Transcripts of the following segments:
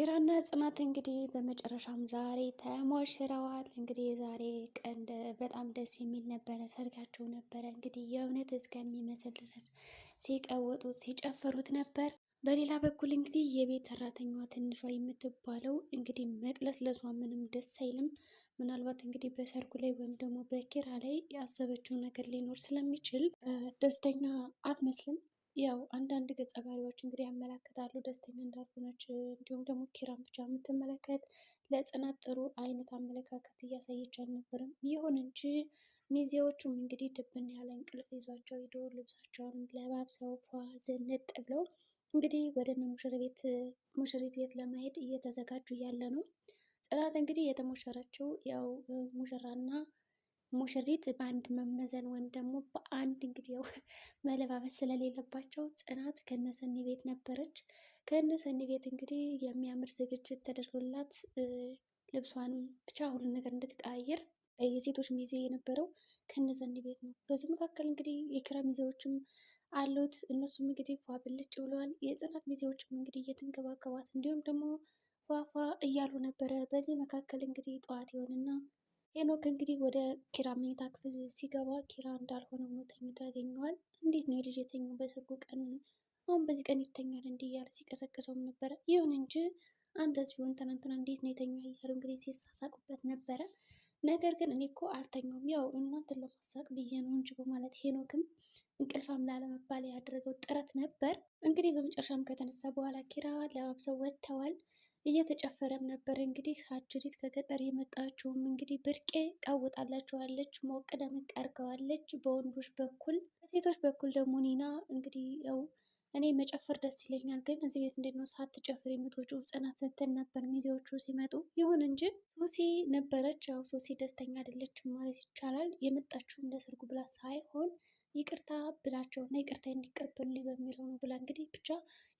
ኪራና ጽናት እንግዲህ በመጨረሻም ዛሬ ተሞሽረዋል። እንግዲህ ዛሬ ቀን በጣም ደስ የሚል ነበረ፣ ሰርጋቸው ነበረ። እንግዲህ የእውነት እስከሚመስል ድረስ ሲቀወጡት ሲጨፍሩት ነበር። በሌላ በኩል እንግዲህ የቤት ሰራተኛዋ ትንሿ የምትባለው እንግዲህ መቅለስ ለሷ ምንም ደስ አይልም። ምናልባት እንግዲህ በሰርጉ ላይ ወይም ደግሞ በኪራ ላይ ያሰበችው ነገር ሊኖር ስለሚችል ደስተኛ አትመስልም። ያው አንዳንድ ገጸ ባህሪዎች እንግዲህ ያመላክታሉ ደስተኛ እንዳልሆነች እንዲሁም ደግሞ ኪራን ብቻ የምትመለከት ለጽናት ጥሩ አይነት አመለካከት እያሳየች አልነበረም። ይሁን እንጂ ሚዜዎቹም እንግዲህ ድብን ያለ እንቅልፍ ይዟቸው ሂዶ ልብሳቸውን ለባብሰው ፏ ዝንጥ ብለው እንግዲህ ወደ ሙሽሪት ቤት ለመሄድ እየተዘጋጁ ያለ ነው። ጽናት እንግዲህ የተሞሸረችው ያው ሙሽራና ሙሽሪት በአንድ መመዘን ወይም ደግሞ በአንድ እንግዲህ መለባበስ ስለሌለባቸው ጽናት ከነሰኒ ቤት ነበረች። ከነሰኒ ቤት እንግዲህ የሚያምር ዝግጅት ተደርጎላት ልብሷንም ብቻ ሁሉን ነገር እንድትቀያየር የሴቶች ሚዜ የነበረው ከነሰኒ ቤት ነው። በዚህ መካከል እንግዲህ የኪራ ሚዜዎችም አሉት። እነሱም እንግዲህ ፏ ብልጭ ብለዋል። የጽናት ሚዜዎችም እንግዲህ እየተንከባከቧት እንዲሁም ደግሞ ፏፏ እያሉ ነበረ። በዚህ መካከል እንግዲህ ጠዋት ይሆንና ሄኖክ እንግዲህ ወደ ኪራ መኝታ ክፍል ሲገባ ኪራ እንዳልሆነ ሆኖ ተኝቶ ያገኘዋል። እንዴት ነው የልጅ የተኛው በሰርጉ ቀን አሁን በዚህ ቀን ይተኛል እንዲህ እያለ ሲቀሰቅሰውም ነበረ። ይሁን እንጂ አንተ ሲሆን ትናንትና እንዴት ነው የተኛ እያሉ እንግዲህ ሲሳሳቁበት ነበረ። ነገር ግን እኔ እኮ አልተኛውም ያው እናንተን ለማሳቅ ብዬ ነው እንጂ በማለት ሄኖክም እንቅልፋም ላለመባል ያደረገው ጥረት ነበር። እንግዲህ በመጨረሻም ከተነሳ በኋላ ኪራ ለባብሰው ወጥተዋል። እየተጨፈረም ነበር። እንግዲህ አጅሪት ከገጠር የመጣችውም እንግዲህ ብርቄ ቃውጣላቸዋለች፣ ሞቅ ደመቅ አድርገዋለች በወንዶች በኩል። በሴቶች በኩል ደግሞ ኒና እንግዲህ ያው እኔ መጨፈር ደስ ይለኛል፣ ግን እዚህ ቤት እንዴት ነው ሳትጨፍር የምትወጪው? ጽናት ስትል ነበር ሚዜዎቹ ሲመጡ። ይሁን እንጂ ሶሲ ነበረች። ያው ሶሲ ደስተኛ አይደለችም ማለት ይቻላል። የመጣችውም ለሰርጉ ብላ ሳይሆን ይቅርታ ብላቸው እና ይቅርታ እንዲቀበሉ በሚለው ነው ብላ እንግዲህ ብቻ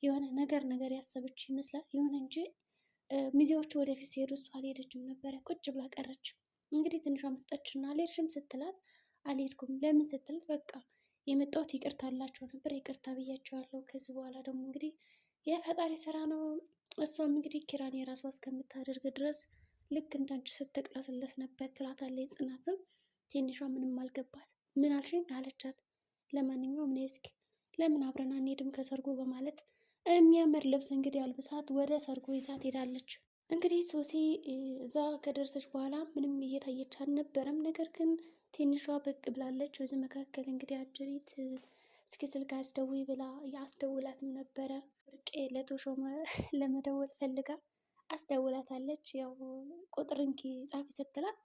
የሆነ ነገር ነገር ያሰበች ይመስላል። ይሁን እንጂ ሚዜዎቹ ወደፊት ሲሄዱ እሷ አልሄደችም ነበረ፣ ቁጭ ብላ ቀረች። እንግዲህ ትንሿ መጣችና አልሄድሽም ስትላት አልሄድኩም ለምን ስትላት በቃ የመጣሁት ይቅርታ አላቸው ነበር ይቅርታ ብያቸዋለሁ። ከዚህ በኋላ ደግሞ እንግዲህ የፈጣሪ ስራ ነው። እሷም እንግዲህ ኪራን የራሷ እስከምታደርግ ድረስ ልክ እንዳንቺ ስትቅላስለስ ነበር ትላታለች። ጽናትም ትንሿ ምንም አልገባት። ምን አልሽኝ አለቻት። ለማንኛውም ነይ እስኪ ለምን አብረን አንሄድም ከሰርጉ በማለት የሚያምር ልብስ እንግዲህ አልብሳት ወደ ሰርጉ ይዛት ሄዳለች። እንግዲህ ሶሲ እዛ ከደረሰች በኋላ ምንም እየታየች አልነበረም። ነገር ግን ትንሿ ብቅ ብላለች። በዚህ መካከል እንግዲህ አጅሪት እስኪ ስልክ አስደውይ ብላ አስደውላትም ነበረ። ወርቄ ለተሾመ ለመደወል ፈልጋ አስደውላታለች። ያው ቁጥር እንኪ ጻፊ ስትላት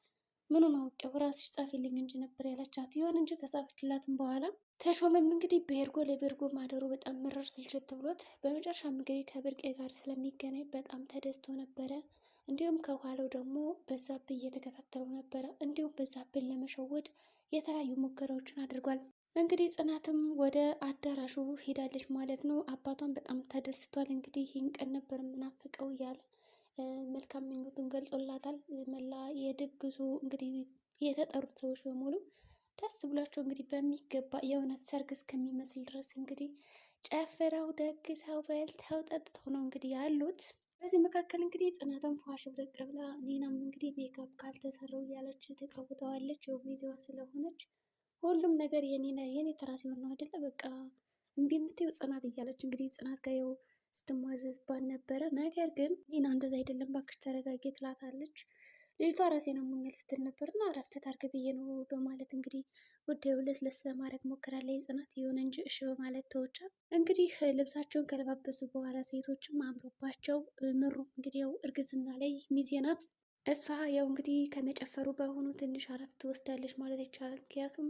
ምኑን አውቄው ራስሽ ጻፊልኝ እንጂ ነበር ያለቻት። ይሁን እንጂ ከጻፈችላትም በኋላ ተሾመም እንግዲህ በኤርጎ ለቤርጎ ማደሩ በጣም ምረር ስልችት ብሎት በመጨረሻም እንግዲህ ከብርቄ ጋር ስለሚገናኝ በጣም ተደስቶ ነበረ። እንዲሁም ከኋላው ደግሞ በዛብህ እየተከታተለው ነበረ። እንዲሁም በዛብህን ለመሸወድ የተለያዩ ሙከራዎችን አድርጓል። እንግዲህ ጽናትም ወደ አዳራሹ ሄዳለች ማለት ነው። አባቷን በጣም ተደስቷል። እንግዲህ ይህን ቀን ነበር የምናፍቀው እያለ መልካም ምኞቱን ገልጾላታል። መላ የድግሱ እንግዲህ የተጠሩት ሰዎች በሙሉ ደስ ብሏቸው እንግዲህ በሚገባ የእውነት ሰርግ እስከሚመስል ድረስ እንግዲህ ጨፍረው ደግሰው በልተው ጠጥተው ነው እንግዲህ ያሉት። በዚህ መካከል እንግዲህ ጽናትን ፏሽ ብረቅ ብላ ኒናም እንግዲህ ሜካፕ ካልተሰራው እያለች ተቀውጠዋለች። ያው ጊዜዋ ስለሆነች ሁሉም ነገር የኔ ተራ ሲሆን ነው አይደለ? በቃ እምቢ የምትይው ጽናት እያለች እንግዲህ ጽናት ጋር ያው ስትሟዘዝባት ነበረ። ነገር ግን ይህን እንደዛ አይደለም እባክሽ ተረጋጊ ትላታለች። ልጅቷ ራሴን አሞኛል ስትል ነበር እና እረፍት ታርግ ብዬ ነው በማለት እንግዲህ ጉዳዩ ለስለስ ለማድረግ ሞክራለች ጽናት። ይሁን እንጂ እሺ በማለት ተወቻ። እንግዲህ ልብሳቸውን ከለባበሱ በኋላ ሴቶችም አምሮባቸው ምሩ እንግዲህ ያው እርግዝና ላይ ሚዜ ናት። እሷ ያው እንግዲህ ከመጨፈሩ በሆኑ ትንሽ አረፍት ትወስዳለች ማለት ይቻላል። ምክንያቱም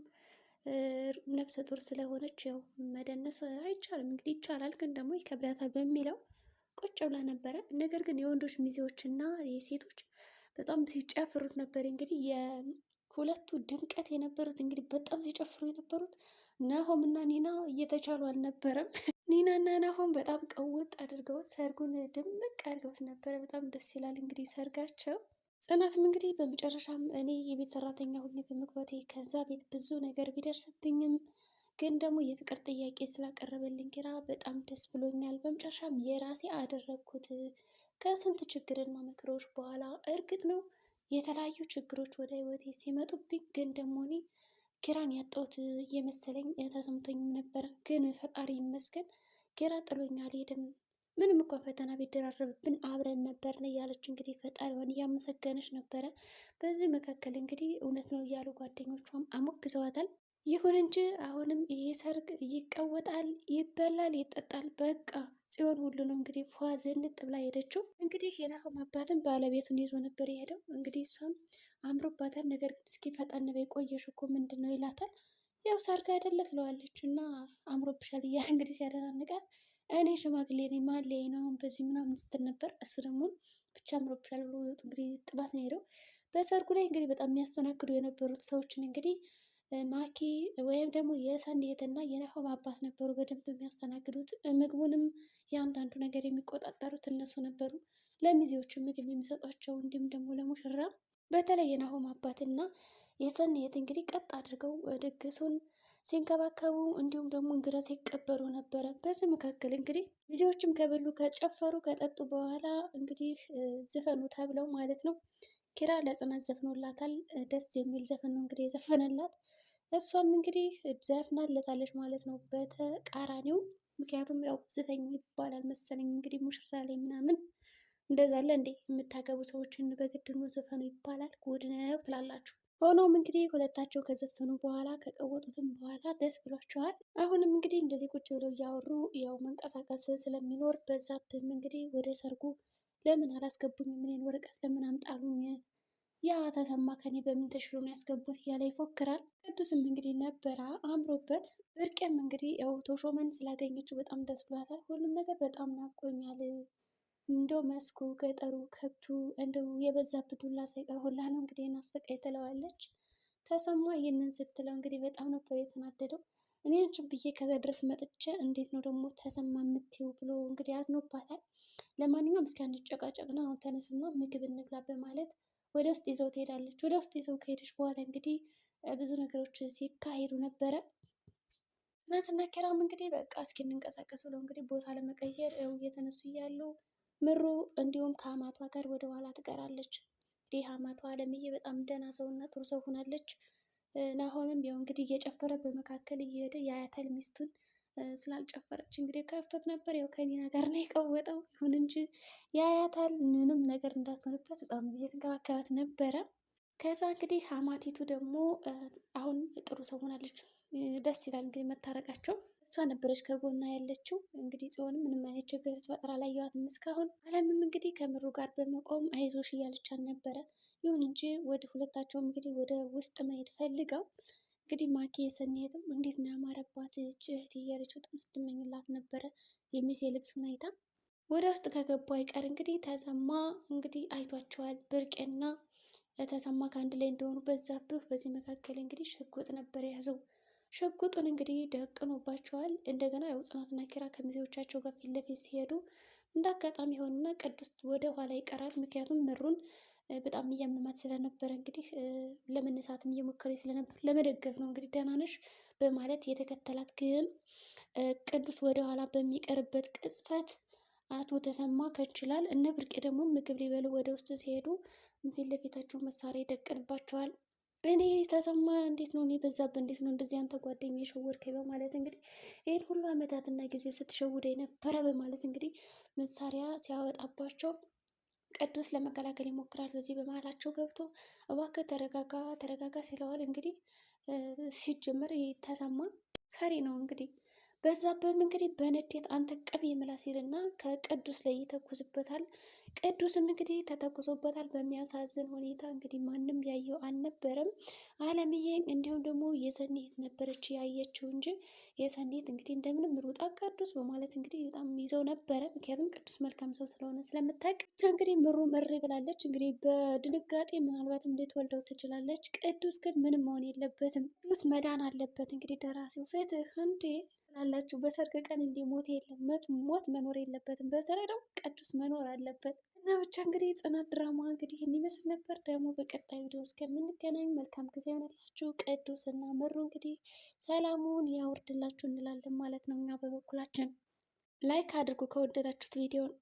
ነፍሰ ጡር ስለሆነች ያው መደነስ አይቻልም። እንግዲህ ይቻላል ግን ደግሞ ይከብዳታል በሚለው ቁጭ ብላ ነበረ። ነገር ግን የወንዶች ሚዜዎች እና የሴቶች በጣም ሲጨፍሩት ነበር። እንግዲህ የሁለቱ ድምቀት የነበሩት እንግዲህ በጣም ሲጨፍሩ የነበሩት ናሆም እና ኒና እየተቻሉ አልነበረም። ኒና እና ናሆም በጣም ቀውጥ አድርገውት ሰርጉን ድምቅ አድርገውት ነበረ። በጣም ደስ ይላል እንግዲህ ሰርጋቸው ጽናትም እንግዲህ በመጨረሻም እኔ የቤት ሰራተኛ ሁኜ በመግባቴ ከዛ ቤት ብዙ ነገር ቢደርስብኝም ግን ደግሞ የፍቅር ጥያቄ ስላቀረበልኝ ኪራ በጣም ደስ ብሎኛል። በመጨረሻም የራሴ አደረግኩት። ከስንት ችግርና መከራዎች በኋላ እርግጥ ነው የተለያዩ ችግሮች ወደ ህይወቴ ሲመጡብኝ ግን ደግሞ እኔ ኪራን ያጣሁት የመሰለኝ ተሰምቶኝም ነበር። ግን ፈጣሪ ይመስገን ኪራ ጥሎኝ አልሄድም። ምንም እንኳ ፈተና ቢደራረብብን አብረን ነው እያለች እንግዲህ ፈጣሪዋን እያመሰገነች ነበረ። በዚህ መካከል እንግዲህ እውነት ነው እያሉ ጓደኞቿም አሞግዘዋታል። ይሁን እንጂ አሁንም ይሄ ሰርግ ይቀወጣል፣ ይበላል፣ ይጠጣል፣ በቃ ጽዮን ሁሉ ነው እንግዲህ ፏ ዝንጥ ብላ ሄደችው። እንግዲህ የናሆም አባትም ባለቤቱን ይዞ ነበር የሄደው። እንግዲህ እሷም አምሮባታል። ነገር ግን እስኪ ፈጠን በይ ቆየሽ እኮ ምንድን ነው ይላታል። ያው ሰርግ አይደለ ትለዋለች እና አምሮብሻል እያለ እንግዲህ ሲያደናንቃት እኔ ሽማግሌ ነኝ መሀል ላይ ነው በዚህ ምናምን ስትል ነበር። እሱ ደግሞ ብቻ አምሮብሻል ብሎ እንግዲህ ጥባት ነው ሄደው። በሰርጉ ላይ እንግዲህ በጣም የሚያስተናግዱ የነበሩት ሰዎችን እንግዲህ ማኪ ወይም ደግሞ የሳንዲየት እና የናሆም አባት ነበሩ በደንብ የሚያስተናግዱት። ምግቡንም የአንዳንዱ ነገር የሚቆጣጠሩት እነሱ ነበሩ። ለሚዜዎቹ ምግብ የሚሰጧቸው እንዲሁም ደግሞ ለሙሽራ በተለይ የናሆም አባት እና የሰንዴት እንግዲህ ቀጥ አድርገው ድግሱን ሲንከባከቡ እንዲሁም ደግሞ እንግዳ ሲቀበሉ ነበረ። በዚህ መካከል እንግዲህ ጊዜዎችም ከበሉ ከጨፈሩ ከጠጡ በኋላ እንግዲህ ዝፈኑ ተብለው ማለት ነው። ኪራ ለጽናት ዘፍኖላታል። ደስ የሚል ዘፈን ነው እንግዲህ የዘፈነላት። እሷም እንግዲህ ዘፍናለታለች ማለት ነው በተቃራኒው። ምክንያቱም ያው ዝፈኝ ይባላል መሰለኝ እንግዲህ ሙሽራ ላይ ምናምን እንደዛ አለ እንዴ የምታገቡ ሰዎችን በግድኑ ዘፈኑ ይባላል። ጉድ ነው ትላላችሁ። ሆኖም እንግዲህ ሁለታቸው ከዘፈኑ በኋላ ከቀወጡትም በኋላ ደስ ብሏቸዋል። አሁንም እንግዲህ እንደዚህ ቁጭ ብለው እያወሩ ያው መንቀሳቀስ ስለሚኖር በዛብህም እንግዲህ ወደ ሰርጉ ለምን አላስገቡኝም? እኔን ወረቀት ለምን አምጣሉኝ? ያ ተሰማ ከኔ በምን ተሽሎ ነው ያስገቡት? እያለ ይፎክራል። ቅዱስም እንግዲህ ነበረ አምሮበት። እርቅም እንግዲህ ያው ቶሾመን ስላገኘችው በጣም ደስ ብሏታል። ሁሉም ነገር በጣም ናፍቆኛል እንደው መስኩ ገጠሩ ከብቱ እንደው የበዛብህ ዱላ ሳይቀር ሁላ ነው እንግዲህ ናፍቀኝ ትለዋለች። ተሰማ ይህንን ስትለው እንግዲህ በጣም ነበር የተናደደው። እኔ አንቺን ብዬ ከዛ ድረስ መጥቼ እንዴት ነው ደግሞ ተሰማ የምትይው ብሎ እንግዲህ አዝኖባታል። ለማንኛውም እስኪ አንጨቃጨቅና አሁን ተነስና ምግብ እንብላ በማለት ወደ ውስጥ ይዘው ትሄዳለች። ወደ ውስጥ ይዘው ከሄደች በኋላ እንግዲህ ብዙ ነገሮች ሲካሄዱ ነበረ። ትናንትና ኪራም እንግዲህ በቃ እስኪ እንንቀሳቀስ ብለው እንግዲህ ቦታ ለመቀየር እየተነሱ እያሉ ምሩ እንዲሁም ከአማቷ ጋር ወደ ኋላ ትቀራለች። እንግዲህ አማቷ አለምዬ በጣም ደህና ሰው እና ጥሩ ሰው ሆናለች። ናሆምም ያው እንግዲህ እየጨፈረ በመካከል እየሄደ የአያታል ሚስቱን ስላልጨፈረች እንግዲህ ከፍቶት ነበር። ያው ከኔ ነገር ነው የቀወጠው። ይሁን እንጂ የአያታል ምንም ነገር እንዳትሆንበት በጣም እየተንከባከባት ነበረ። ከዛ እንግዲህ አማቲቱ ደግሞ አሁን ጥሩ ሰው ሆናለች። ደስ ይላል እንግዲህ መታረቃቸው። እሷ ነበረች ከጎና ያለችው። እንግዲህ ጽዮንም ምንም አይነት ችግር ስትፈጥር አላየኋትም እስካሁን። አለምም እንግዲህ ከምሩ ጋር በመቆም አይዞሽ እያለቻት ነበረ። ይሁን እንጂ ወደ ሁለታቸውም እንግዲህ ወደ ውስጥ መሄድ ፈልገው እንግዲህ ማኪ የሰኒየትም እንዴት ነው ያማረባት እህት እያለች በጣም ስትመኝላት ነበረ የሚዜ ልብስ ሁኔታ ወደ ውስጥ ከገቡ አይቀር እንግዲህ ተሰማ እንግዲህ አይቷቸዋል። ብርቅና ተሰማ ከአንድ ላይ እንደሆኑ በዛብህ። በዚህ መካከል እንግዲህ ሽጉጥ ነበር የያዘው። ሽጉጡን እንግዲህ ደቅኖባቸዋል። እንደገና ያው ጽናትና ኪራ ከሚዜዎቻቸው ጋር ፊት ለፊት ሲሄዱ እንደ አጋጣሚ የሆነና ቅዱስ ወደ ኋላ ይቀራል። ምክንያቱም ምሩን በጣም እያመማት ስለነበረ እንግዲህ ለመነሳትም እየሞከረ ስለነበር ለመደገፍ ነው እንግዲህ ደህና ነሽ በማለት የተከተላት ግን ቅዱስ ወደ ኋላ በሚቀርበት ቅጽበት አቶ ተሰማ ከችላል እነ ብርቄ ደግሞ ምግብ ሊበሉ ወደ ውስጥ ሲሄዱ ፊት ለፊታቸው መሳሪያ ይደቅንባቸዋል። እኔ ተሰማ እንዴት ነው እኔ በዛብህ እንዴት ነው እንደዚህ አንተ ጓደኛ የሸወድከኝ በማለት እንግዲህ ይህን ሁሉ ዓመታትና ጊዜ ስትሸውደ የነበረ በማለት እንግዲህ መሳሪያ ሲያወጣባቸው ቅዱስ ለመከላከል ይሞክራል። በዚህ በመሀላቸው ገብቶ እባክህ ተረጋጋ ተረጋጋ ሲለዋል እንግዲህ ሲጀምር ተሰማ ፈሪ ነው እንግዲህ በዛብህም እንግዲህ በንዴት አንተ ቅቤ ምላስ ይልና ከቅዱስ ላይ ይተኩስበታል። ቅዱስም እንግዲህ ተተኩሶበታል በሚያሳዝን ሁኔታ። እንግዲህ ማንም ያየው አልነበረም። አለምዬ እንዲሁም ደግሞ የሰኒት ነበረች ያየችው እንጂ የሰኒት እንግዲህ እንደምንም ሩጣ ቅዱስ በማለት እንግዲህ በጣም ይዘው ነበረ። ምክንያቱም ቅዱስ መልካም ሰው ስለሆነ ስለምታውቅ እንግዲህ ምሩ ምሬ ብላለች። እንግዲህ በድንጋጤ ምናልባትም ልትወልደው ትችላለች። ቅዱስ ግን ምንም መሆን የለበትም። ቅዱስ መዳን አለበት። እንግዲህ ደራሲው ፍትህ እንዴ ትላላችሁ። በሰርግ ቀን እንዲህ ሞት የለም ሞት መኖር የለበትም። በተለይ ደግሞ ቅዱስ መኖር አለበት። እና ብቻ እንግዲህ የጽናት ድራማ እንግዲህ የሚመስል ነበር። ደግሞ በቀጣይ ቪዲዮ እስከምንገናኝ መልካም ጊዜ ይሆንላችሁ። ቅዱስ እና ምሩ እንግዲህ ሰላሙን ያውርድላችሁ እንላለን ማለት ነው። እኛ በበኩላችን ላይክ አድርጉ ከወደዳችሁት ቪዲዮን